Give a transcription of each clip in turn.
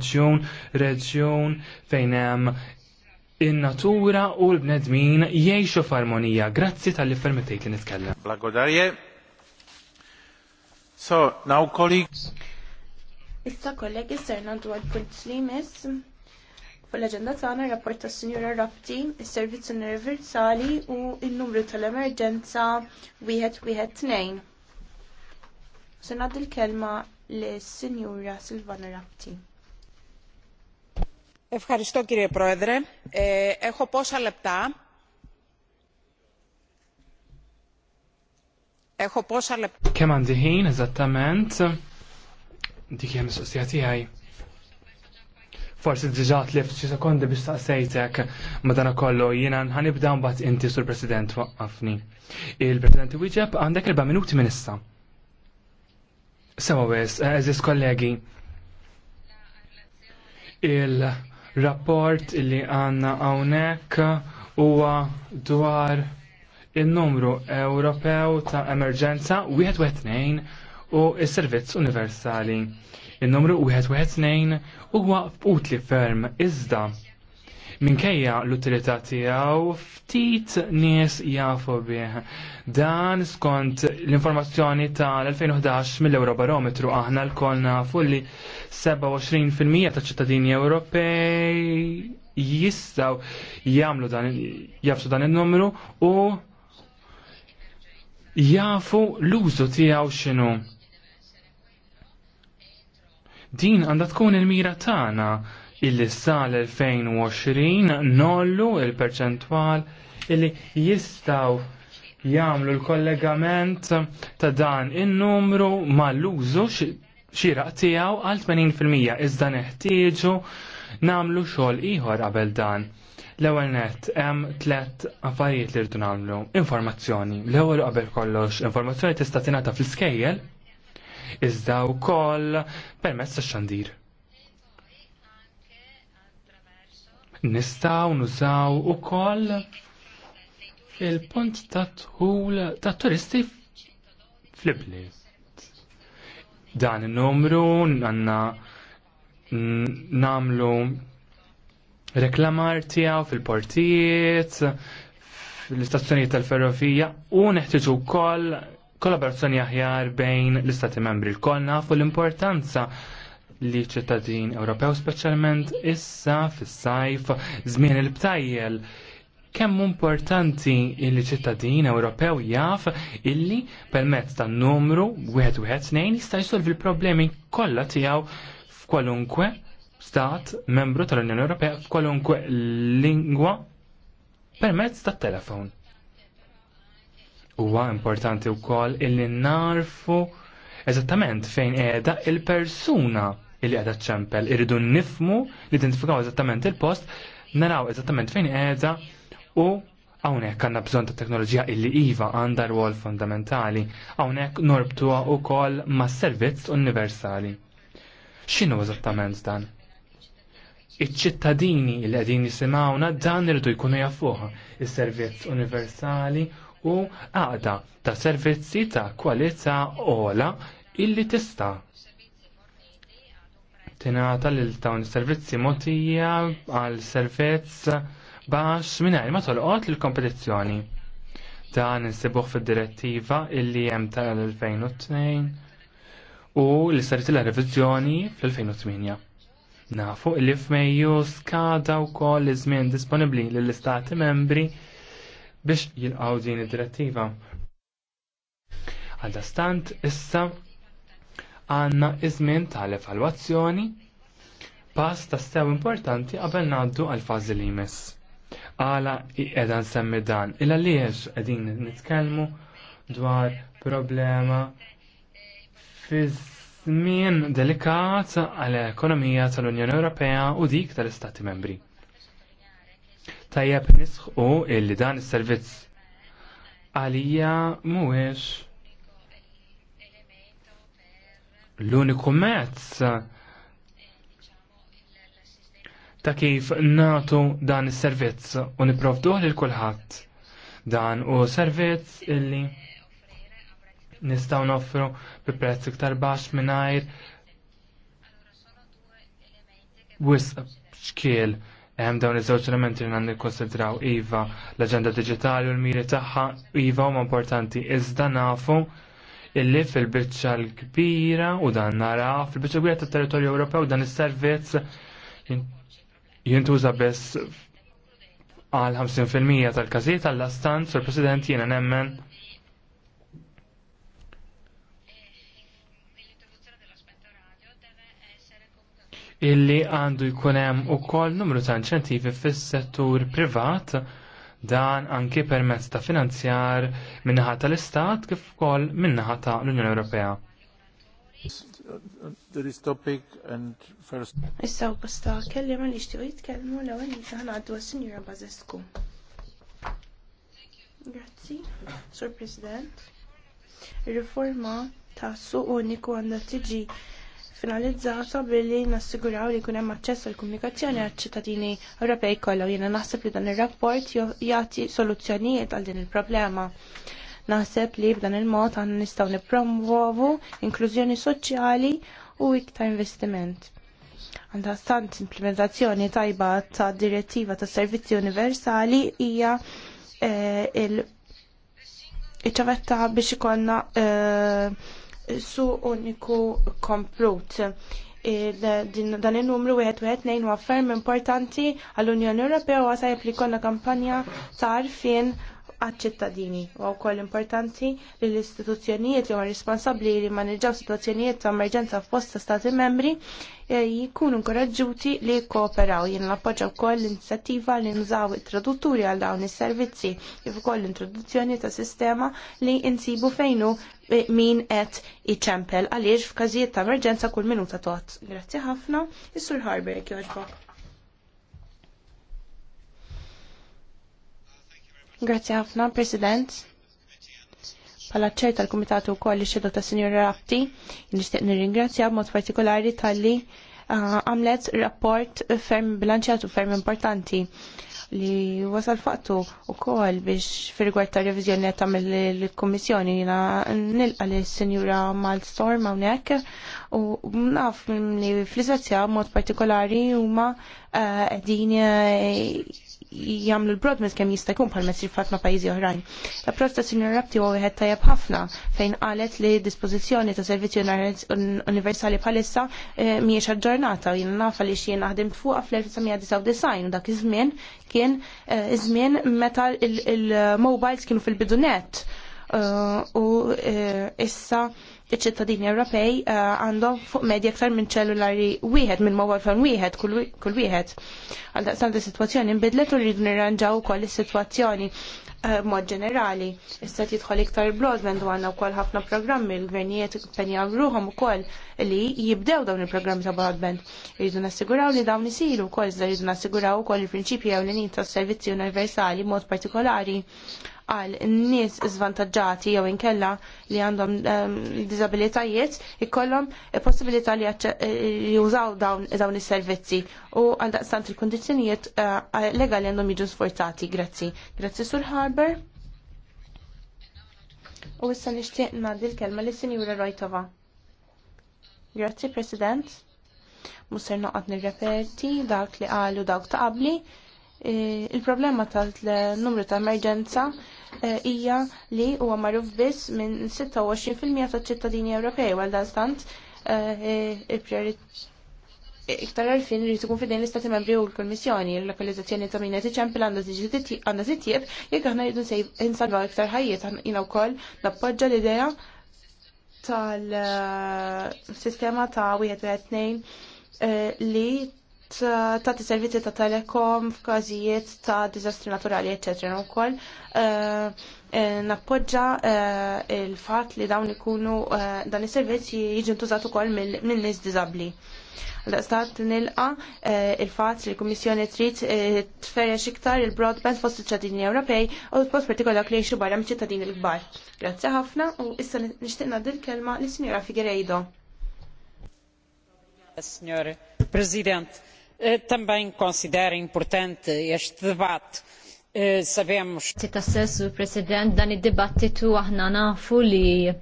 reġjun, reġjun fejn hemm in-natura u l-bnedmin jgħixu f'armonija. Grazzi tal-li li nitkellem. So, now colleagues. Issa kollegi ser nandu għal punt limes fil aġenda tagħna rapport tas Sinjura Rafti, is-servizz universali u n-numru tal-emerġenza wieħed wieħed tnejn. Se nagħdi l-kelma lis-Sinjura Silvana Rafti. Ευχαριστώ κύριε Πρόεδρε. Ε, έχω πόσα λεπτά. Έχω πόσα λεπτά. Και μαντιχήν, εζατταμέντ. Δικιά μισοστιά τι għaj. Forsi diġa tlift xi sekondi biex taqsejtek madana kollu jiena ħanibda mbagħad inti sur President waqqafni. Il-President wieġeb għandek erba' minuti minn issa. Sewa wis, eh, eżis kollegi. Il- rapport li għanna għawnek huwa dwar il-numru Ewropew ta' emerġenza 112 u s-servizz universali. Il-numru 112 huwa utli ferm iżda minkejja l-utilità tiegħu ftit nies jafu bih. Dan skont l-informazzjoni tal-2011 mill-Eurobarometru aħna l-kol nafu li 27% ta' ċittadini Ewropej jistaw jamlu dan jafsu dan in-numru u jafu l-użu tiegħu x'inhu din għandha tkun il-mira tagħna illi sal-2020 nollu il-perċentwal illi jistaw jagħmlu l-kollegament ta' dan in-numru l użu xiraq tiegħu għal 80% iżda neħtieġu nagħmlu xogħol ieħor qabel dan. L-ewwel nett hemm tliet affarijiet li rridu nagħmlu. Informazzjoni. L-ewwel qabel kollox, informazzjoni tista' tingħata fl-iskejjel iżda wkoll permezz tax-xandir. Nistaw nużaw ukoll il-punt ta' tħul ta' turisti flibli. Dan il-numru għanna namlu reklamar tijaw fil-portijiet, fil istazzjoni tal-ferrovija u neħtiġu koll kollaborazzjoni aħjar bejn l-istati membri. Koll nafu l-importanza li ċittadin Ewropew speċjalment issa fis-sajf żmien il-btajjel kemm importanti li ċittadin Ewropew jaf illi permezz tan-numru wieħed wieħed jista' jsolvi l-problemi kollha tiegħu f'kwalunkwe stat membru tal-Unjoni Ewropea f'kwalunkwe lingwa permezz tat-telefon. Huwa importanti wkoll illi narfu eżattament fejn qiegħda il-persuna illi qiegħda ċempel. Irridu nifmu identifikaw eżattament il-post, naraw eżattament fejn qiegħda u hawnhekk għandna bżonn ta' teknoloġija illi iva għandha rwol fundamentali, hawnhekk norbtuha wkoll mas-servizz universali. X'inhu eżattament dan? Iċ-ċittadini li qegħdin jisimgħuna dan irridu jkunu jafuha is-servizz universali u għaqda ta' servizzi ta' kwalità ola illi tista' tingħata lil dawn is-servizzi mogħtija għal servizz baxx mingħajr ma tolqot lill-kompetizzjoni. Dan insibuh fid-direttiva illi hemm tal-2002 u li sarit il reviżjoni fl-2008. Nafu illi f'Mejju skada wkoll iż-żmien disponibbli lill-Istati membri biex jilqgħu din id-direttiva. Għaldastant issa għanna iż-żmien tal-evalwazzjoni pass ta' sew importanti qabel ngħaddu għal fażi li jmiss. Għala qiegħda nsemmi dan, illa għaliex qegħdin nitkellmu dwar problema fi żmien delikat għal ekonomija tal-Unjoni Ewropea u dik tal-Istati Membri. Tajjeb nisħu illi dan is-servizz għalija mhuwiex l-uniku mezz ta' kif natu dan is-servizz u niprovduh lil kulħadd. Dan u servizz illi nistgħu noffru bi prezz iktar baxx mingħajr wisq xkiel hemm dawn iż-żewġ elementi li nikkonsidraw iva l-aġenda diġitali u l-miri tagħha iva huma importanti iżda nafu illi fil-bicċa l-kbira u dan nara fil-bicċa kbira tat territorju Ewropew dan is-servizz jintuża biss għal 50% tal-każijiet għall-astant, sur President jiena nemmen illi għandu jkun hemm ukoll numru ta' inċentivi fis-settur privat dan anki permezz ta' finanzjar minnaħa tal-Istat kif ukoll minnaħa ta' l-Unjoni Ewropea. Issa u kosta kelli ma nixtiequ jitkellmu l-ewwel nisa ħanaqdu għas-Sinjura Bażescu. Grazzi, Sur President. Riforma ta' suq uniku għandha tiġi finalizzata billi nassiguraw li jkun hemm aċċess għall komunikazzjoni għal ċittadini Ewropej kollha. Jiena naħseb li dan ir-rapport jagħti soluzzjonijiet għal din il-problema. Naħseb li b'dan il-mod għandna nistgħu nippromuovu inklużjoni soċjali u iktar investiment. Għandha stant implementazzjoni tajba ta' direttiva ta' servizzi universali hija eh, il-ċavetta biex ikollna eh, su uniku komplut. dan il-numru 1-1-2 u ferm importanti għall-Unjoni Ewropea u għasaj li la kampanja ta' arfin għal-ċittadini u għawkoll importanti li l-istituzzjonijiet li huma responsabbli li maneġaw situazzjonijiet ta' emerġenza f'post ta' stati membri eh, jikunu inkoraġġuti li jikkooperaw. Jien l wkoll l-inizjattiva li nżaw it-tradutturi għal dawn is-servizzi kif ukoll l-introduzzjoni ta' sistema li insibu fejnu eh, min qed iċempel għaliex f'każijiet ta' emerġenza kull minuta tot. Grazzi ħafna, is-Sur Harber jogħġbok. Grazzi ħafna, President. Pala ċer tal-Komitatu u koll li xedu ta' Sinjor Rapti, nishtiq nirringrazzja mod partikolari tal-li ah, għamlet rapport ferm bilanċjat u ferm importanti li wasal faqtu u kol biex firgwar ta' revizjoni ta' mill-Komissjoni jina nilqa li s Malstorm għawnek u naf li fl b mod partikolari ma' din eh, jamlu l-Broadmes kem jkun pal messi fatma pajizi oħrajn. La prosta ta' Sinjor Rapti u għed tajab ħafna fejn qalet li dispozizjoni ta' servizzi universali palissa eh, miex aġġornata u jina nafa li xien naħdem fuqa fl-1999 u dak iż-żmien kien eh, iż-żmien meta il-mobiles kienu fil-bidunet u eh, issa iċ-ċittadini Ewropej eh, għandhom fuq medja aktar minn ċellulari wieħed minn mobile phone wieħed kull wieħed. Għal daqstant is-sitwazzjoni nbidlet u rridu nirranġaw ukoll is-sitwazzjoni eh, mod ġenerali. Issa jidħol iktar broadband u għandna wkoll ħafna programmi l-gvernijiet impenjaw ruhom ukoll li jibdew dawn il-programmi ta' broadband. Irridu nassiguraw li dawn isiru wkoll iżda rridu nassiguraw ukoll il-prinċipji ewlenin tas-servizzi universali mod partikolari għal nies zvantagġati jew inkella li għandhom um, disabilitajiet ikollhom possibilità li jużaw dawn, is-servizzi u għal daqstant il kundizzjonijiet uh, eh, legali għandhom jiġu sforzati. Grazzi. Grazzi Sur Harbor. U issa nixtieq ngħaddi l-kelma lis sinjura Rojtova. Grazzi President. Musser noqgħod nirreperti dak li qalu dawk ta' qabli eh, il-problema tal-numru ta' emerġenza hija li huwa magħruf biss minn 26% tal-ċittadini Ewropej għal dan stant eh, eh, iktar għarfin li tkun fidejn l-Istati Membri u l-Kommissjoni l-lokalizzazzjoni ta' minna tiċempi għandha titjieb jekk aħna jridu nsalvaw iktar ħajjiet jiena wkoll nappoġġa l-idea tal-sistema eh, ta' wieħed wieħed tnejn li Eh, tagħti servizzi ta' telekom f'każijiet ta' diżastri naturali, eċetera. Ukoll eh, eh, nappoġġa il-fatt li dawn ikunu dan is-servizzi jiġu ntużat ukoll minn dizabli. L-istat nilqa il-fatt li l-Kummissjoni trid tferrex iktar il-broadband fost il ċittadini Ewropej u post partikolak li jxu barra m'ċittadini ċittadini l-kbar. Grazzi ħafna u issa nishtiqna dil-kelma lis signora Figueiredo. Signor President, Eh, também considera importante este debate. Eh, sabemos. Tita sessu, President, dan id-dibattitu aħna nafu li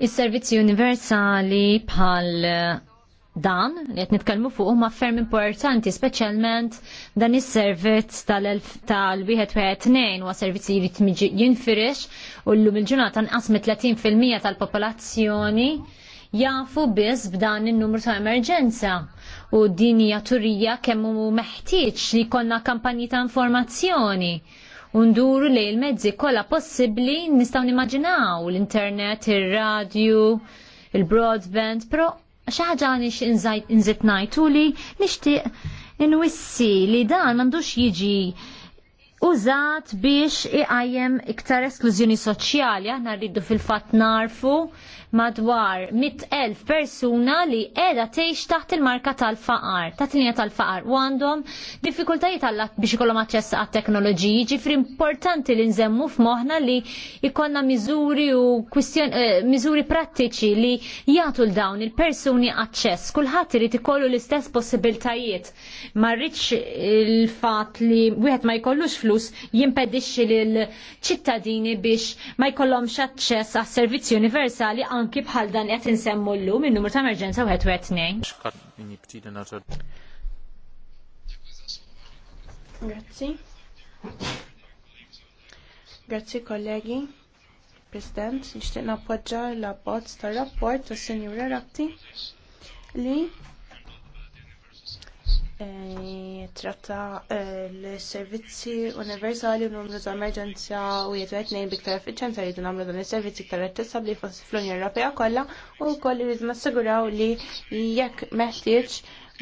Is-servizzi universali bħal dan li qed nitkellmu fuq huma ferm importanti, speċjalment dan is-servizz tal-112 wa servizzi li jrid jinfirex u llum il-ġurnata nqas 30% tal-popolazzjoni jafu biss b'dan in-numru ta' emerġenza u din hija turija kemm hu meħtieġ li jkollna kampanji ta' informazzjoni u nduru lejn il-mezzi kollha possibbli nistgħu nimmaġinaw l-internet, ir-radju, il broadband però xi ħaġa nix inżit ngħid li nixtieq inwissi li dan m'għandux jiġi użat biex iqajjem iktar esklużjoni soċjali. Aħna rridu fil-fatt narfu madwar 100.000 persuna li qiegħda teħx taħt il-marka tal-faqar, taħt linja tal-faqar, u għandhom diffikultajiet għalla biex ikollhom aċċess għat-teknoloġiji, ġifri importanti li nżemmu f'moħħna li jkollna miżuri u kwistjon eh, miżuri prattiċi li jagħtu l dawn il-persuni aċċess. Kulħadd irid ikollu l-istess possibiltajiet. Ma rridx il-fatt li wieħed ma jkollux flus flus jimpedixxi lil ċittadini biex ma jkollhomx aċċess għas servizzi universali anki bħal dan qed insemmu llum in-numru ta' emerġenza wieħed wieħed tnejn. Grazzi. Grazzi kollegi. President, nixtieq nappoġġa l appoġġ tar-rapport tas-Sinjura Ratti li Eh, tratta eh, l-servizzi universali u numru ta' emerġenza u jitwet nejn biktar effiċenza jridu namlu dan il-servizzi ktar attessabli fl-Unjoni Ewropea kollha u wkoll jridu nassiguraw li jekk meħtieġ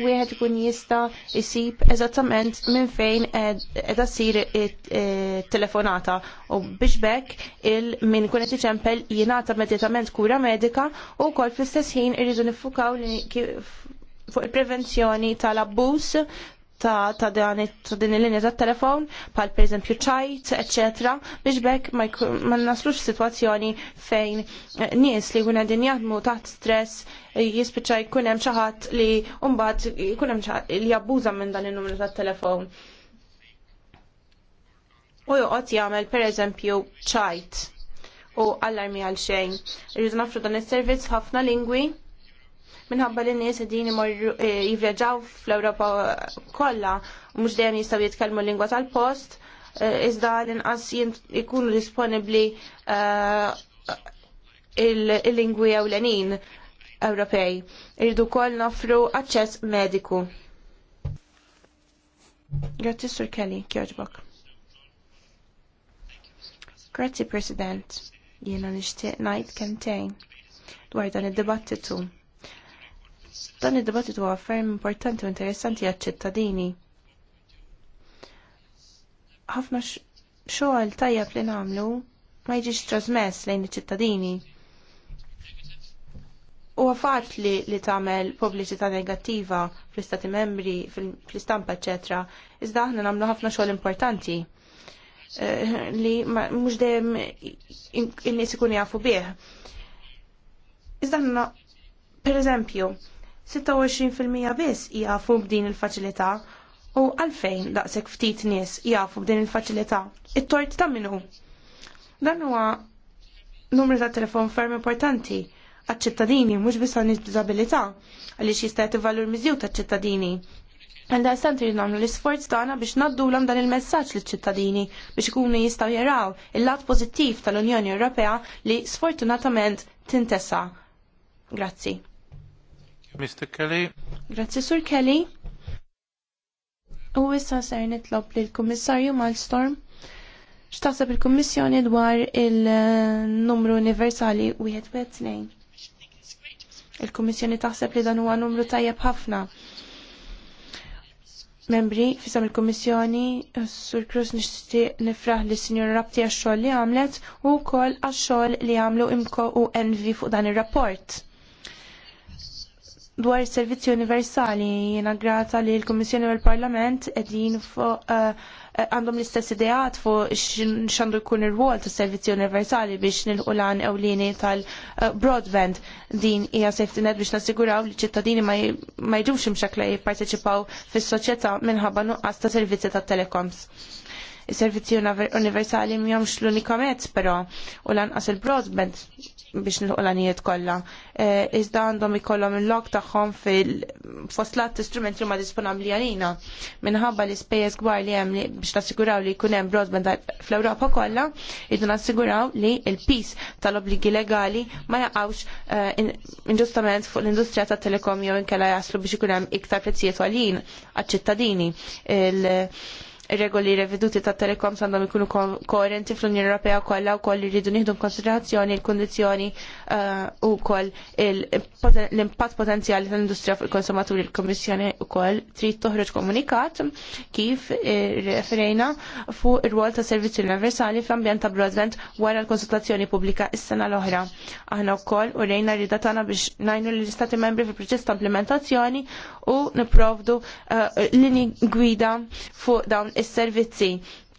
wieħed ikun jista' jsib eżattament minn fejn qiegħda ssir eh, telefonata u biex bekk il min kun qed iċempel jingħata immedjatament kura medika u wkoll fl-istess ħin irridu nifukaw li kif fuq il-prevenzjoni tal-abbuż ta', ta, ta din il-linja tat telefon pal per eżempju ċajt, etc. biex bekk ma naslux situazzjoni fejn eh, nies li kuna din jaħdmu taħt stress eh, jispicċa jkun hemm xi ħadd li mbagħad jkun hemm li jabbuża minn dan in-numru tat-telefon. U joqgħod jagħmel pereżempju ċajt u allarmi għal xejn. Irridu nafru dan is-servizz ħafna lingwi minħabba li n-nies din eh, jivvjaġġaw fl-Ewropa kollha mhux dejjem jistgħu jitkellmu lingwa tal-post, eh, iżda l-inqas jkunu disponibbli eh, il-lingwi ewlenin Ewropej. Irridu wkoll nofru aċċess mediku. Grazzi Sur Kelly, kjoġbok. Grazzi President, jiena nixtieq ngħid kentejn dwar dan id-dibattitu Dan id-dibattitu huwa ferm importanti u interessanti għaċ-ċittadini. Ħafna xogħol tajjeb li nagħmlu ma jiġix trasmess lejn iċ-ċittadini. Huwa faċli li tagħmel pubbliċità negattiva fl-istati membri, fl-istampa, eċetra, iżda aħna nagħmlu ħafna xogħol importanti eh, li mhux dejjem in-nies ikun jafu bih. Iżda per eżempju, 26% biss jafu b'din il-faċilità u għalfejn daqshekk ftit nies jafu b'din il-faċilità. It-tort ta' minnu. Dan huwa numru ta' telefon ferm importanti għal ċittadini mhux biss għan disabilità għaliex jista' jagħti valur miżju taċ-ċittadini. Għalda stant nagħmlu l-isforz tagħna biex naddulam dan il-messaġġ liċ-ċittadini biex ikunu jistgħu jaraw il-lat pożittiv tal-Unjoni Ewropea li sfortunatament tintesa. Grazzi. Mr. Kelly. Grazzi, Sur Kelly. U issa ser nitlob li l-Kummissarju Malstorm x'taħseb il-Kummissjoni dwar il-numru universali wieħed wieħed tnejn. Il-Kummissjoni taħseb li dan huwa numru tajjeb ħafna. Membri, fisam il kummissjoni Sur Cruz nixtieq nifraħ li sinjur Rabti għax-xogħol li għamlet u wkoll għax-xogħol li għamlu imko u envi fuq dan ir-rapport dwar servizzi universali jiena grata li l-Kummissjoni u l-Parlament qegħdin fuq eh, eh, għandhom l-istess ideat fuq xandu jkun il rwol tas-servizzi universali biex nil-qulan ewlieni tal-broadband eh, din hija safety net biex nassiguraw li ċittadini ma jiġux imxakla jipparteċipaw fis-soċjetà minħabba nuqqas ta' servizzi tat-telecoms is-servizzi universali mjomx l-unika mezz però u lanqas il-broadband biex nilħu l-għanijiet kolla. E, iżda għandhom ikollhom il-log tagħhom fil-foslat istrumenti li ma disponabli għalina. Minħabba li ispejjeż gbar li hemm biex nassiguraw li jkun hemm broadband fl-Ewropa kollha, idu nassiguraw li l-pis tal-obbligi legali ma jaqgħux e, inġustament fuq l-industrija tat-telekom jew inkella jaslu biex ikun hemm iktar prezzijiet għalin għal ċittadini regoli reveduti ta' telekom għandhom ikunu koerenti fl-Unjoni Ewropea kollha wkoll iridu nieħdu konsiderazzjoni l-kundizzjoni eh, u wkoll l-impatt potenzjali tal-industrija fuq il-konsumaturi l-Kommissjoni wkoll trid toħroġ komunikat kif eh, referejna fuq ir-rwol ta' servizzi universali fl-ambjent ta' broadband wara l-konsultazzjoni pubblika is-sena l-oħra. Aħna wkoll u rejna rida tagħna biex ngħinu lill-Istati membri fil-proċess ta' implementazzjoni u niprovdu eh, linji gwida fuq dawn is-servizzi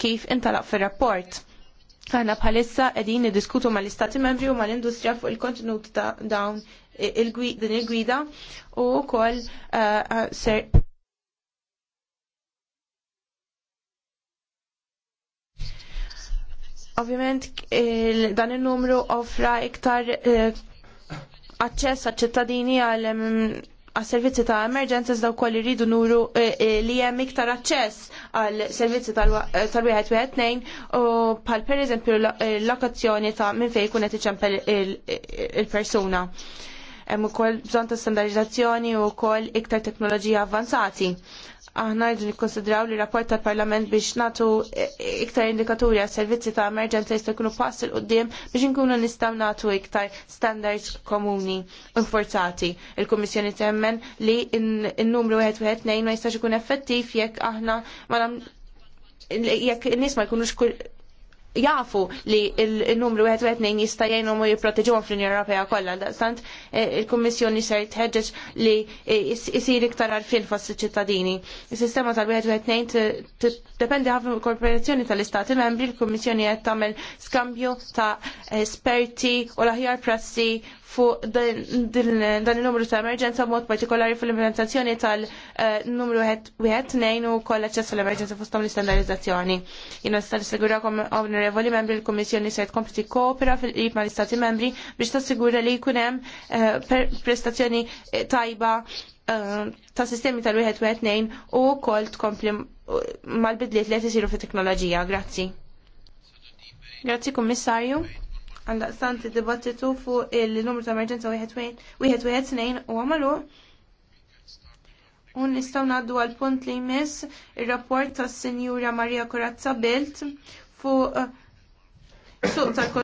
kif intalaq fir-rapport. Aħna bħalissa qegħdin niddiskutu mal-Istati Membri u mal-Industrija fuq il-kontenut ta' dawn din il-gwida u wkoll uh, uh, ser Ovvjament dan il-numru offra iktar uh, aċċess għal-ċittadini għal um, għas-servizzi ta' emerġenza daw koll irridu nuru li hemm iktar aċċess għal servizzi eh, tal-wieħed wieħed tnejn u bħal pereżempju l-lokazzjoni eh, ta' minn fejn jkun qed iċempel il-persuna. Hemm ukoll bżonn ta' standardizzazzjoni u wkoll iktar teknoloġija avvanzati aħna rridu nikkonsidraw li rapport tal-Parlament biex natu e- e- iktar indikaturi għas servizzi ta' emerġenza jista' jkunu pass il qudiem biex inkunu nistgħu natu iktar standards komuni infurzati. Il-Kummissjoni temmen li n-numru wieħed wieħed ma jistax ikun effettiv jekk aħna ma jekk n-nies ma jkunux jafu li il-numru 1 jista' jgħinhom u jipproteġuhom fl-Unjoni Ewropea kollha. Daqstant eh, il-Kummissjoni ser tħeġġeġ li jsir eh, iktar għarfien fost ċittadini. Is-sistema tal-1 dependi ħafna korporazzjoni tal-Istati membri, il-Kummissjoni qed tagħmel skambju ta' esperti u l-aħjar prassi fuq dan il-numru ta' emerġenza mod partikolari fil-implementazzjoni tal-numru eh, 1-2 u koll aċċess fil-emerġenza fostom l-istandardizzazzjoni. Jina sta' nissigurakom onorevoli membri l-Kommissjoni se tkompli koopera fil-qrib ma' l-Istati membri biex tassigura li jkun hemm eh, prestazzjoni eh, tajba ta' sistemi tal-1-2 u koll tkompli mal-bidliet li qed isiru fit-teknoloġija. Grazzi. Grazzi Kommissarju għandaqstant dibattitu fuq il-numru ta' emerġenza 112 u għamalu. Un nistaw naddu għal punt li jmiss il-rapport eh, ta' Sinjura Maria Corazza Belt fuq suq tal